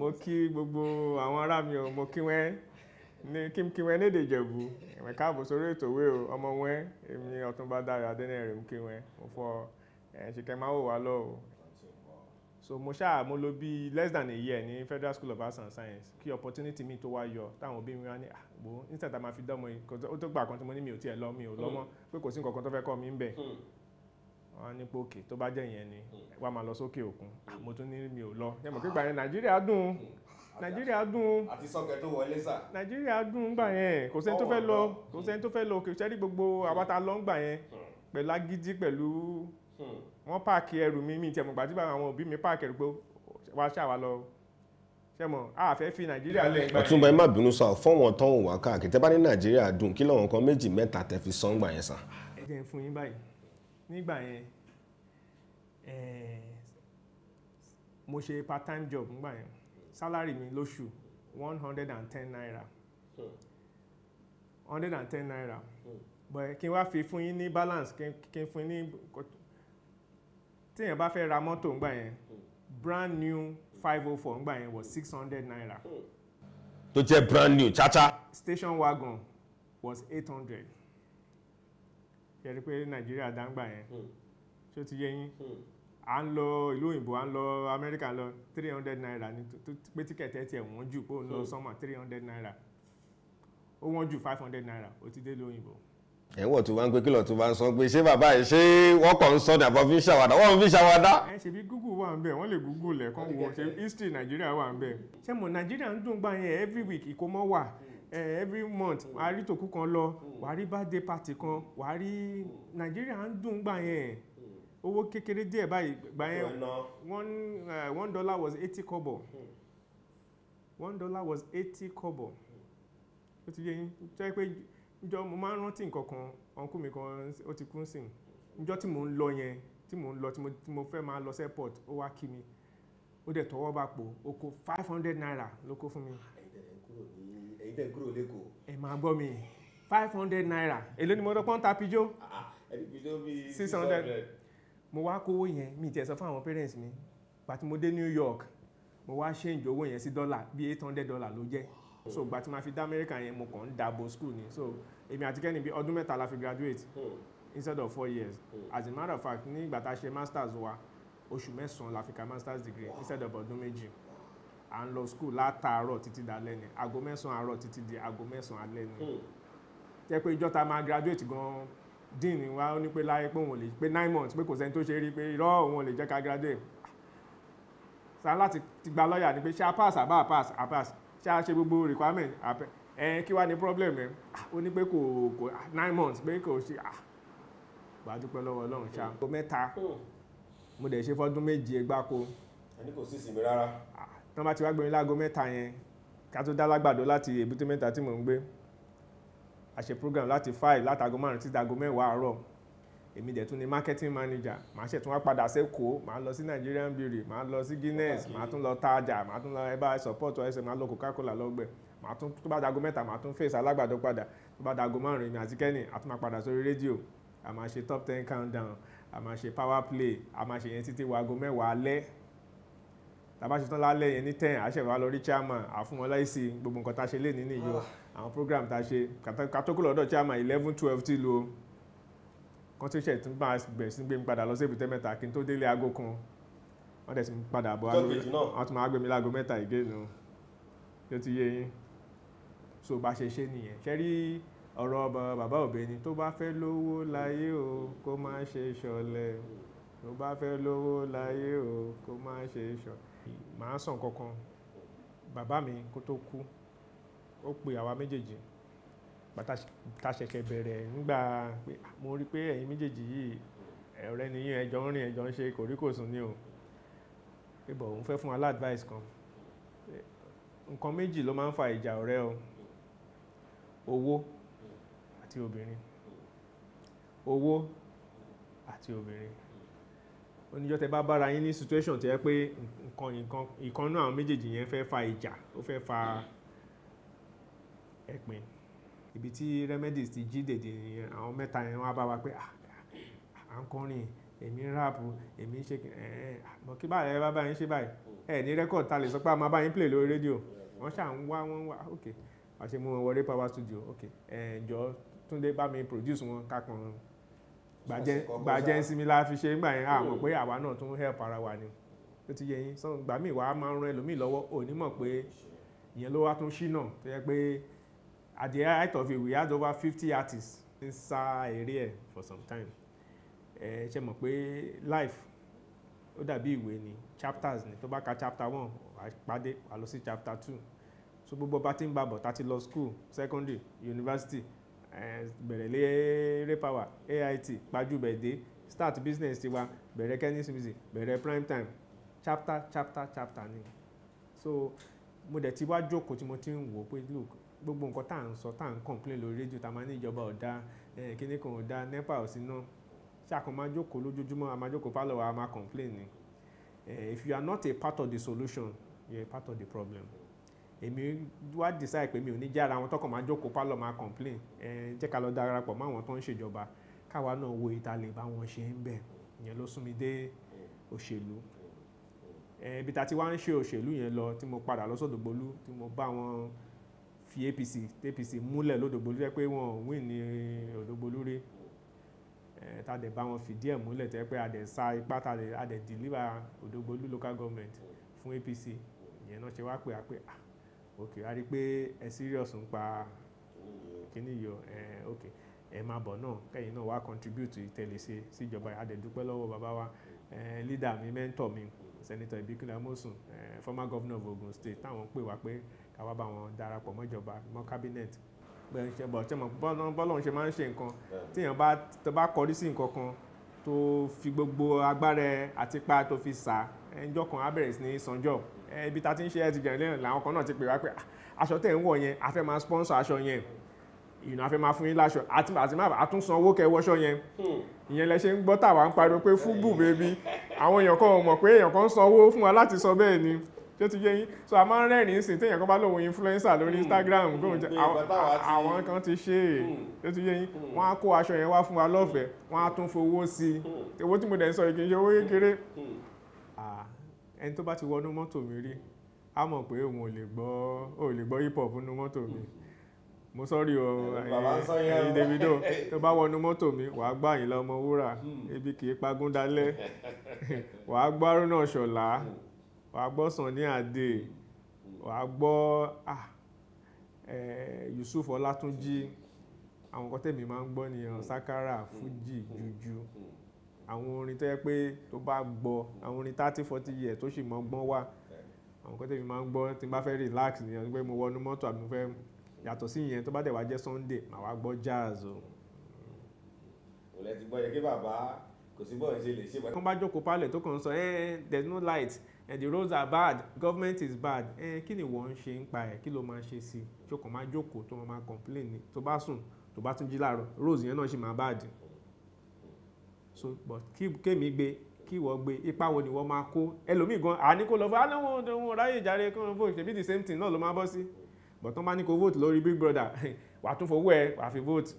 mo kí gbogbo àwọn ará mi o mo kí wọ́n ní kí n kí wọ́n lédè Ìjẹ̀bú ẹ̀mẹ̀ káàbọ̀ sórí ètò ìwé o ọmọ wọn èmi Ọ̀túnba Dayọ̀ Adẹ́nẹ́rìn mo kí wọ́n mo fọ ṣìkẹ́ máa wò wá lọ o so mo ṣáà mo lò bí less than a year ní Federal School of Arts and Science kí opportunity mi tó wá yọ táwọn òbí mi wá ní àgbo nígbà tá a máa fi dánmọ ó tó gbà kan tí mo ní mi ò tiẹ̀ lọ mi ò lọ́mọ hmm. pé kò sí nǹkan kan tó fẹ́ kọ́ mi ń bẹ̀ hmm wọ́n á ní pé òkè tó bá jẹ́ ìyẹn ni hmm. wà á máa lọ sókè òkun hmm. mo tún ní mi ò lọ yẹn mọ̀ ah. pé gbà yẹn nàìjíríà dùn hmm. nàìjíríà dùn àti sọkẹ tó wọlé sà nàìjíríà dùn gbà yẹn kò sẹ́ni tó fẹ́ lọ kò sẹ́ni tó fẹ́ lọ òkè sẹ́ni gbogbo àwátá lọ ń gbà yẹn pẹ̀lú agídí pẹ̀lú wọ́n páàkì ẹrù mi mi tiẹ̀ mọ̀ gbà tí àwọn òbí mi páàkì ẹrù pé wàá ṣàwà lọ sẹ́mọ̀ àfẹ́ fi nàìjíríà lẹ̀ gbà yẹn. ọ̀túnba ẹ má bínú sá fọ́wọ́n tọ́hún wá káàkiri tẹ́ bá ní nàìjíríà dùn kí lọ́wọ́n kan méjì mẹ́ta tẹ́ fi sọ́ngbà yẹn sàn. ẹ jẹ́ fún yín báyìí nígbà yẹn eh, mo ṣe part time job nígbà yẹn salary mi lóṣù one hundred and ten naira hmm. hundred and ten naira hmm. but kí n wá fi fún yín ní balance kí n fún yín ní téèyàn bá fẹ́ ra mọ́tò nígbà yẹn hmm. brand new five oh four nígbà yẹn was six hundred naira. tó jẹ́ brand new chacha. station wagon was eight hundred kẹrí pé nàìjíríà dáńgbà yẹn hmm. ṣó ti yé yín hmm. à ń lọ ìlú òyìnbó à ń lọ amẹ́ríkà lọ three hundred naira ní pé tíkẹ̀tì ẹ̀ tiẹ̀ wọ́n jù pé òun lọ hmm. sọ́mọ̀ three hundred naira ó wọ́n jù five hundred naira ó ti dé ìlú òyìnbó ẹ̀wọ̀n tó bá ń pé kílọ̀ tó bá ń sọ pé ṣé bàbá yìí ṣé wọ́n kàn ń sọ ní àbọ̀ fi ń ṣàwádà wọ́n fi ń ṣàwádà. ẹ ṣe bí google wà ń bẹ wọn lè google ẹ kàn wọ ṣe history nàìjíríà wà ń bẹ ṣé mo nàìjíríà ń dùn gbà yẹn every week ìkómọ wà Eh, every month wà á rí tòkú kan lọ hmm. wà á rí birthday party kan hmm. wà á rí hmm. nàìjíríà ń dùn gbà yẹn owó kékeré díẹ̀ báyìí gbà yẹn one eh, one dollar was eighty kobo one dollar was eighty kobo ó ti yé yín tó yẹ pé njọ mo máa ń rántí nǹkan kan ọ̀nkú mi kan ó ti kú sí njọ tí mò ń lọ yẹn tí mò ń lọ tí mo fẹ́ máa lọ sí airport ó wá kí mi ó dẹ̀ tọwọ́ bá pò ó five hundred naira ló kó fún mi tẹ̀lé kúrò ní ẹ̀yin tẹ̀ kúrò lẹ́kọ̀ọ́. ẹ máa gbọ́ mi five hundred naira èló ni mo dọ́pọ́n ta pijó. Ah, ah, ẹni pijó six hundred mo wá kówó yẹn mi tiẹ̀ sọ fún àwọn parents mi gbàtí mo dé New York mo wá ṣéǹjì owó yẹn sí dọ́là bíi eight hundred dollar ló jẹ́ so gbàtí ma fi dá Amẹ́ríkà yẹn mo kàn ń dàbò school ni so èmi àti Kẹ́ni bíi ọdún mẹ́ta la fi graduate hmm. instead of four years hmm. as a matter of fact ní ìgbà tá a ṣe masters wa oṣù mẹ́sàn-án la fi ka masters degree instead of ọdún méjì à ń lọ school látàárọ̀ títí dalẹ́ ni aago mẹ́sàn-án àárọ̀ títí di aago mẹ́sàn-án alẹ́ ni hmm. jẹ́ pé ìjọ ta máa graduate gan-an dean wa ó ní pé láyé pé òun ò lè pé nine months pé kò sẹ́ni tó ṣe rí pé irọ́ òun ò lè jẹ́ ká graduate sa láti ti gba lọ́ọ̀yà ni pé ṣá pass àbá pass à pass ṣá ṣe gbogbo requirement àpẹ ẹ kí wá ní problem ẹ ah, ó ní pé kò kò ah, nine months pé kò ṣe wàá ah. dúpẹ́ lọ́wọ́ ọlọ́run ṣá. Hmm. mẹ́ta hmm. mo dẹ̀ ṣe fọ́dún méje gbáko. ẹni kò sí ìsinmi rárá wọ́n bá ti wá gbẹ̀mí láago mẹ́ta yẹn ká tó dá lágbàdo láti èbúté mẹ́ta tí mò ń gbé a ṣe program láti five látago márùn títí dago mẹ́wàá àárọ̀ èmi dẹ̀ tún ni marketing manager màá ṣẹ̀ tún wá padà sẹ́kọ̀ọ́ màá lọ sí Nigerian Beauty màá lọ sí Guinness màá tún lọ tajà màá tún lọ ẹ bá support ẹsẹ̀ màá lọ Coca-Cola lọ́gbẹ̀ màá tún tó bá dago mẹ́ta màá tún fèsì alágbàdo padà tó bá dago márùn èmi àti Kenny a tún máa padà sórí rédíò a máa ṣe top ten countdown a máa ṣe power play a máa ṣe yẹn títí waago mẹ́wàá alẹ́ tàbá ṣe tán lálẹ́ yẹn ní ten àṣẹwà lọ rí chairman àfúnwọn láìsí gbogbo nǹkan tá a ṣe lé nínú ìyó ah. àwọn program tá a ṣe katókò lọ́dọ̀ chairman eleven twelve ti lo kọ́ńtíṣẹ̀ tí máa bẹ̀rẹ̀ sí gbé mi padà lọ sí èbúté mẹ́ta kí n tó délé aago kan wọ́n dẹ̀ ti padà bọ̀ àwọn tó máa gbé mi láago mẹ́ta ìgénu tó ti yé yín so bá ṣe ṣe nìyẹn ṣe rí ọ̀rọ̀ bàbá òbẹ́ni tó bá fẹ́ lówó láyé o kó má ṣe ṣọ̀lẹ tó bá fẹ́ lówó láyé o kó má ṣe ṣọ̀lẹ màá sàn kankan bàbá mi kó tó kú ó pe àwa méjèèjì pàtàṣẹ̀kẹ̀ bẹ̀rẹ̀ nígbà pé mo rí pé ẹ̀yin méjèèjì yìí ọ̀rẹ́ ni yín ẹjọ́ ń rìn ẹjọ́ ń ṣe kòríkòsùn ni o pé bọ̀ òun fẹ́ fún wa lá advice kan nǹkan méjì ló máa ń fa ìjà ọ̀rẹ́ o owó àti obìnrin owó àti obìnrin oníjọ́ tẹ bá bára yín ní situation tẹ́ pé nǹkan nǹkan ìkan náà àwọn méjèèjì yẹn fẹ́ fa ìjà ó fẹ́ fa ẹ̀pin ibi tí remedies ti jí dèdè nìyẹn àwọn mẹ́ta yẹn wá bá wa pé ah, à ń kọrin èmi ń ráàpù èmi ń ṣe mọ̀ kí báyìí ẹ bá báyìí ṣe báyìí ẹ ní rẹ́kọ̀d ta lè sọ pé a máa báyìí play lórí rédíò wọ́n ṣà ń wá wọ́n wá ok àṣemú wọlé power studio ok ẹ̀ ǹjọ́ Túndé bá mi produce wọn kákan gbàjẹ́ ń sinmi la fi ṣe nígbà yẹn àmọ̀ hmm. pé àwa náà tún help ara wa ni ó ti yẹ yín sọ gbà mí wàá máa ń ran ẹlòmíì lọ́wọ́ onímọ̀ pé ìyẹn ló wá tún ṣí náà tó yẹ pé at the height of it we had over fifty artists ń sá eré ẹ̀ for some time ẹ ṣe mọ̀ pé life ó dàbí ìwé ni chapters ni tó bá ka chapter one wàá pàdé wàá lọ sí chapter two so gbogbo bá ti ń bá bọ̀ tá ti lọ school secondary university bẹ̀rẹ̀lé repower AIT pajúbẹ̀dé start business tiwa bẹ̀rẹ̀ kenny smith bẹ̀rẹ̀ prime time chapter chapter chapter ni so mo dẹ̀ ti wá jókòó tí mo ti ń wò pé look gbogbo nǹkan tá à ń sọ tá à ń complain lórí rédíò tá a máa ní ìjọba ọ̀dà kíní kan ọ̀dà nepa ò sí náà ṣé àkàn máa jókòó lójoojúmọ́ a máa jókòó pálọ̀ wa a máa complain ni if you are not a part of the solution you are a part of the problem èmi wá decide pé mi ò ní jára àwọn tọkàn máa jókòó pálọ̀ máa complain ẹ jẹ́ ká lọ darapọ̀ mọ́ àwọn tó ń ṣèjọba káwa náà wo ìta lè bá wọn ṣe ń bẹ̀ ìyẹn ló sún mi dé òṣèlú ibi tá a ti wá ń ṣe òṣèlú yẹn lọ tí mo padà lọ sódògbólú tí mo bá wọn fi APC APC múlẹ̀ lódògbólú jẹ́ pé wọn ò win ní òdògbólú rí tá a dẹ̀ bá wọn fìdí ẹ̀ múlẹ̀ tẹ́ pé a dẹ̀ sa ipá tá a dẹ̀ deliver òdògbólú local government fún APC ìyẹn náà ṣe wá pé a pé ah ok a rí i pé ẹ serious ń pa kíní yọ ẹ ok ẹ máa bọ̀ náà kẹ́yìn náà wá contribute ìtẹ̀lẹ́sẹ̀ síjọba àdẹ̀dúpẹ́ lọ́wọ́ bàbá wa leader mi mentor mi senator Ìbíkúnlé Amósùn former governor of Ogun State táwọn pè wá pé ká wá bá wọn darapọ̀ mọ́jọba mọ́ cabinet bẹ́ẹ̀ ṣe bọ̀ ṣe mọ̀ bọ́lọ́run ṣe máa ń ṣe nǹkan tíyàn bá kọrí sí nǹkan kan tó fi gbogbo agbára àti pa tó fi sà ẹjọ́ kan á bẹ̀rẹ̀ sí ní sanjọ́ ibi tá ti ń ṣe ẹ̀ ti jẹ̀rìn lẹ́yìn làwọn kan náà ti pè wá pé ah, aṣọ tẹ̀ ń wọ̀ yẹn a fẹ́ máa sponsor aṣọ yẹn ìnà afẹ́ máa fún yín láṣọ àti àti máa àtúnsan owó kẹwọ́ṣọ yẹn ìyẹn lẹ ṣe ń gbọ́ tàwa ń pariwo pé fúbù bèbí àwọn èèyàn kan ò mọ̀ pé èèyàn kan ń sanwó fún wa láti sọ bẹ́ẹ̀ ni ṣé ti yé yín so a máa ń rẹ́rìn-ín sí téèyàn kan bá lòun influencer lórí hmm. Instagram hmm, àwọn kan ti ṣe é ṣé hmm. ti yé yín wọ́n á kó aṣọ yẹn wá fún wa lọ́fẹ̀ẹ́ wọ́n á tún fowó sí i owó tí mo dẹ̀ ń sọ yìí kì í ṣe owó kékeré ẹni tó bá ti wọnú mọ́tò mi rí a mọ̀ pé òun ò lè gbọ́ ò lè gbọ́ hip hop nínú mọ́tò mi mo sọ́rí o ẹ̀yin Davido tó bá wọnú mọ́tò mi wàá gbọ́ Àyìnlá Ọmọwúrà ebi kì í pagún dálẹ̀ wàá gbọ́ Arúnà Ṣọ̀lá wàá gbọ́ Sunny Adé wàá gbọ́ Yusuf Ọlátúnjí àwọn nǹkan tẹ̀mí máa ń gbọ́ nìyẹn sakara fuji juju àwọn orin tó yẹ pé tó bá gbọ́ àwọn orin thirty forty years tó sì mọ́ gbọ́n wà àwọn nǹkan tẹ̀mí máa ń gbọ́ tí n bá fẹ́ relax nìyẹn pé mo wọnú mọ́tò àbí mo fẹ́ yàtọ̀ sí ìyẹn tó bá dẹ̀ wá jẹ́ Sunday màá wá gbọ́ jazz o. kò lẹ́ ti gbọ́ yẹ kí bàbá kò sí bọ́ọ̀ ṣe lè ṣe. wọ́n bá jókòó palẹ̀ tó kàn ń sọ ẹ́ẹ́ there's no light Eh, the roads are bad government is bad Eh, kí ni wọ́n ń ṣe ń pa ẹ̀ kí ló máa ṣe sí i tó máa jókòó tó máa complain ni tó bá sùn tó bá tún jí láàárọ̀ roads yẹn náà ṣì máa bad so but kí kémi gbé kí wọ́n gbé ipa wo ni wọ́n máa kó ẹlòmíì gan àní kó lọ fún aláwọ̀ ohun ráyè ìjàre kí wọ́n vote ṣèbí the same thing náà ló máa bọ́ sí but wọ́n bá ní kó vote lórí big brother wàá tún fowó ẹ wàá fi vote